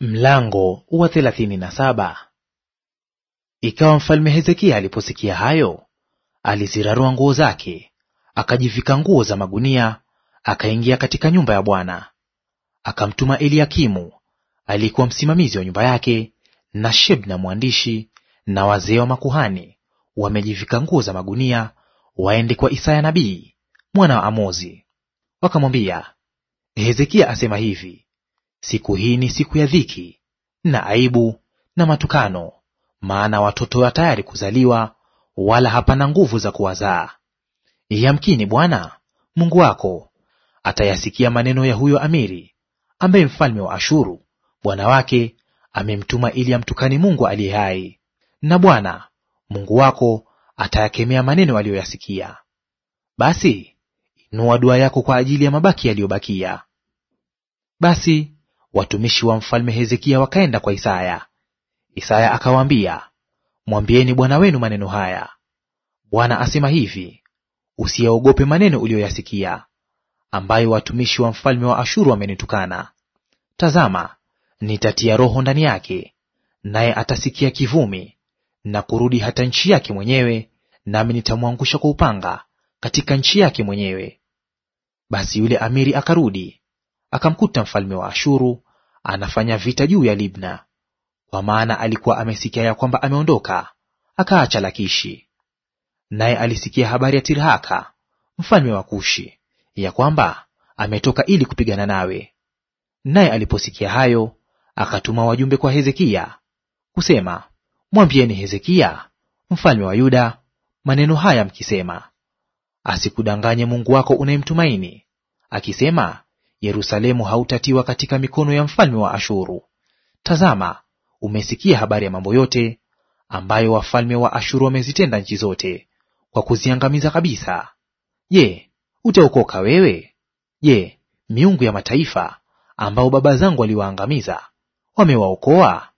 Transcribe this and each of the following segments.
Mlango wa thelathini na saba. Ikawa mfalme Hezekia aliposikia hayo, alizirarua nguo zake, akajivika nguo za magunia, akaingia katika nyumba ya Bwana. Akamtuma Eliakimu aliyekuwa msimamizi wa nyumba yake, na Shebna mwandishi, na wazee wa makuhani wamejivika nguo za magunia, waende kwa Isaya nabii mwana wa Amozi. Wakamwambia, Hezekia asema hivi Siku hii ni siku ya dhiki na aibu na matukano, maana watoto wa tayari kuzaliwa, wala hapana nguvu za kuwazaa. Yamkini Bwana Mungu wako atayasikia maneno ya huyo amiri ambaye mfalme wa Ashuru bwana wake amemtuma ili amtukani Mungu aliye hai, na Bwana Mungu wako atayakemea maneno aliyoyasikia. Basi inua dua yako kwa ajili ya mabaki yaliyobakia. Basi watumishi wa mfalme Hezekia wakaenda kwa Isaya. Isaya akawaambia, mwambieni bwana wenu maneno haya, Bwana asema hivi, usiyaogope maneno uliyoyasikia, ambayo watumishi wa mfalme wa Ashuru wamenitukana. Tazama, nitatia roho ndani yake, naye atasikia kivumi na kurudi hata nchi yake mwenyewe, nami nitamwangusha kwa upanga katika nchi yake mwenyewe. Basi yule amiri akarudi akamkuta mfalme wa Ashuru anafanya vita juu ya Libna, kwa maana alikuwa amesikia ya kwamba ameondoka akaacha Lakishi. Naye alisikia habari ya Tirhaka mfalme wa Kushi ya kwamba ametoka ili kupigana nawe. Naye aliposikia hayo, akatuma wajumbe kwa Hezekia kusema, mwambieni Hezekia mfalme wa Yuda maneno haya mkisema, asikudanganye Mungu wako unayemtumaini akisema, Yerusalemu hautatiwa katika mikono ya mfalme wa Ashuru. Tazama, umesikia habari ya mambo yote ambayo wafalme wa Ashuru wamezitenda nchi zote kwa kuziangamiza kabisa. Je, utaokoka wewe? Je, miungu ya mataifa ambao baba zangu waliwaangamiza wamewaokoa?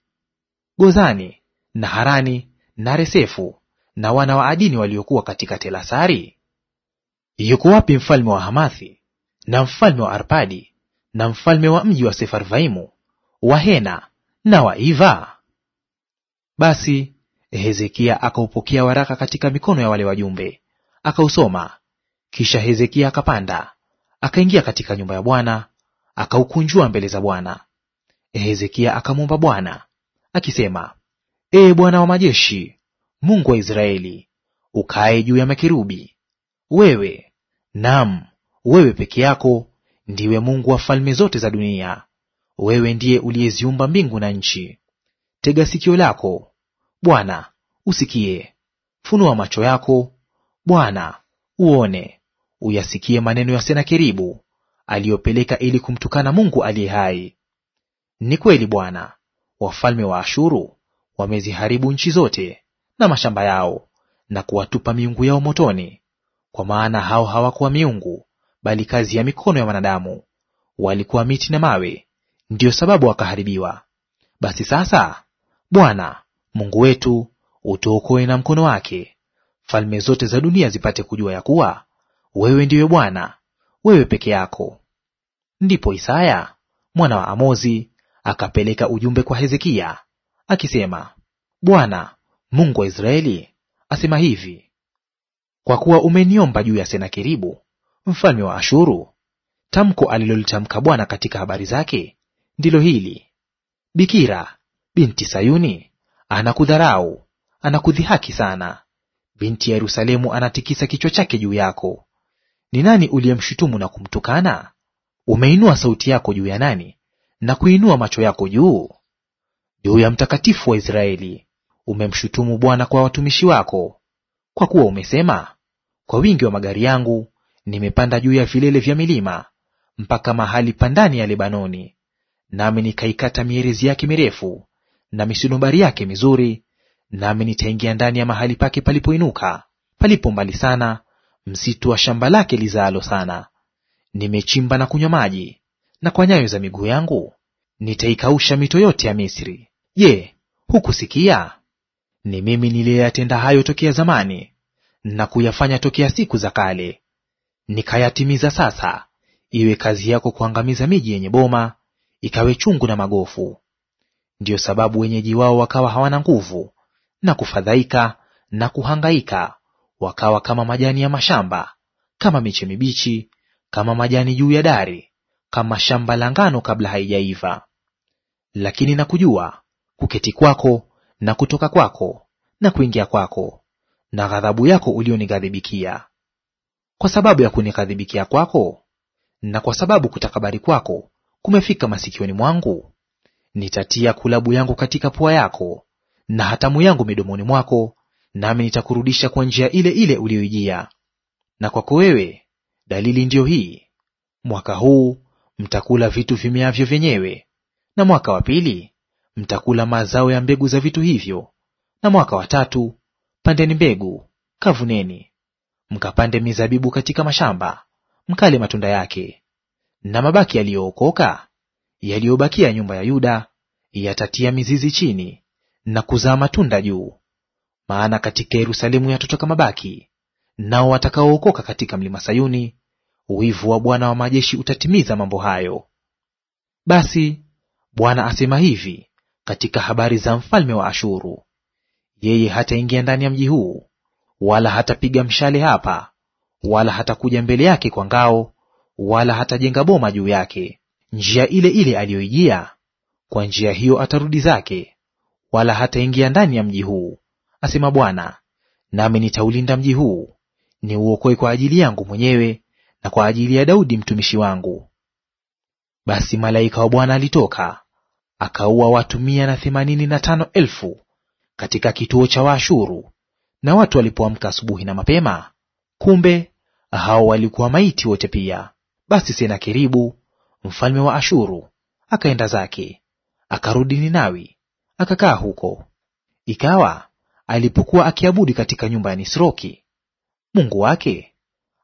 Gozani na Harani na Resefu na wana wa Adini waliokuwa katika Telasari? Yuko wapi mfalme wa Hamathi na mfalme wa Arpadi na mfalme wa mji wa Sefarvaimu wa Hena na wa Iva. Basi Hezekia akaupokea waraka katika mikono ya wale wajumbe, akausoma. Kisha Hezekia akapanda, akaingia katika nyumba ya Bwana, akaukunjua mbele za Bwana. Hezekia akamwomba Bwana akisema, Ee Bwana wa majeshi, Mungu wa Israeli, ukae juu ya makerubi, wewe, naam wewe peke yako ndiwe Mungu wa falme zote za dunia. Wewe ndiye uliyeziumba mbingu na nchi. Tega sikio lako Bwana, usikie; funua macho yako Bwana, uone; uyasikie maneno ya Senakeribu aliyopeleka ili kumtukana Mungu aliye hai. Ni kweli Bwana, wafalme wa Ashuru wameziharibu nchi zote na mashamba yao, na kuwatupa miungu yao motoni, kwa maana hao hawakuwa miungu bali kazi ya mikono ya wanadamu; walikuwa miti na mawe, ndiyo sababu wakaharibiwa. Basi sasa, Bwana Mungu wetu, utuokoe na mkono wake, falme zote za dunia zipate kujua ya kuwa wewe ndiwe Bwana, wewe peke yako. Ndipo Isaya mwana wa Amozi akapeleka ujumbe kwa Hezekia akisema, Bwana Mungu wa Israeli asema hivi, kwa kuwa umeniomba juu ya Senakeribu mfalme wa Ashuru, tamko alilolitamka Bwana katika habari zake ndilo hili: Bikira binti Sayuni anakudharau, anakudhihaki sana; binti ya Yerusalemu anatikisa kichwa chake juu yako. Ni nani uliyemshutumu na kumtukana? Umeinua sauti yako juu ya nani na kuinua macho yako juu? Juu ya mtakatifu wa Israeli umemshutumu Bwana kwa watumishi wako, kwa kuwa umesema, kwa wingi wa magari yangu nimepanda juu ya vilele vya milima mpaka mahali pandani ya Lebanoni, nami nikaikata mierezi yake mirefu na misunobari yake mizuri, nami nitaingia ndani ya mahali pake palipoinuka, palipo mbali sana, msitu wa shamba lake lizaalo sana. Nimechimba na kunywa maji, na kwa nyayo za miguu yangu nitaikausha mito yote ya Misri. Je, hukusikia? Ni mimi niliyeyatenda hayo tokea zamani na kuyafanya tokea siku za kale nikayatimiza sasa, iwe kazi yako kuangamiza miji yenye boma, ikawe chungu na magofu. Ndiyo sababu wenyeji wao wakawa hawana nguvu na kufadhaika na kuhangaika, wakawa kama majani ya mashamba, kama miche mibichi, kama majani juu ya dari, kama shamba la ngano kabla haijaiva. Lakini nakujua kuketi kwako na kutoka kwako na kuingia kwako na ghadhabu yako ulionighadhibikia. Kwa sababu ya kunikadhibikia kwako na kwa sababu kutakabari kwako kumefika masikioni mwangu, nitatia kulabu yangu katika pua yako na hatamu yangu midomoni mwako, nami nitakurudisha kwa njia ile ile uliyoijia. Na kwako wewe dalili ndiyo hii: mwaka huu mtakula vitu vimeavyo vyenyewe, na mwaka wa pili mtakula mazao ya mbegu za vitu hivyo, na mwaka wa tatu pandeni mbegu, kavuneni mkapande mizabibu katika mashamba, mkale matunda yake. Na mabaki yaliyookoka yaliyobakia nyumba ya Yuda yatatia mizizi chini na kuzaa matunda juu. Maana katika Yerusalemu yatotoka mabaki, nao watakaookoka katika mlima Sayuni, wivu wa Bwana wa majeshi utatimiza mambo hayo. Basi Bwana asema hivi katika habari za mfalme wa Ashuru, yeye hataingia ndani ya mji huu, wala hatapiga mshale hapa, wala hatakuja mbele yake kwa ngao, wala hatajenga boma juu yake. Njia ile ile aliyoijia, kwa njia hiyo atarudi zake, wala hataingia ndani ya mji huu, asema Bwana. Nami nitaulinda mji huu, niuokoe kwa ajili yangu mwenyewe na kwa ajili ya Daudi mtumishi wangu. Basi malaika wa Bwana alitoka akaua watu mia na themanini na tano elfu katika kituo cha Waashuru na watu walipoamka asubuhi na mapema, kumbe hao walikuwa maiti wote pia. Basi Senakeribu mfalme wa Ashuru akaenda zake, akarudi Ninawi, akakaa huko. Ikawa alipokuwa akiabudi katika nyumba ya Nisroki mungu wake,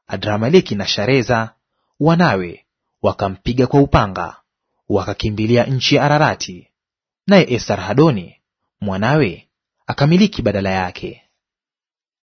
adramaleki na Shareza wanawe wakampiga kwa upanga, wakakimbilia nchi ya Ararati, naye Esarhadoni mwanawe akamiliki badala yake.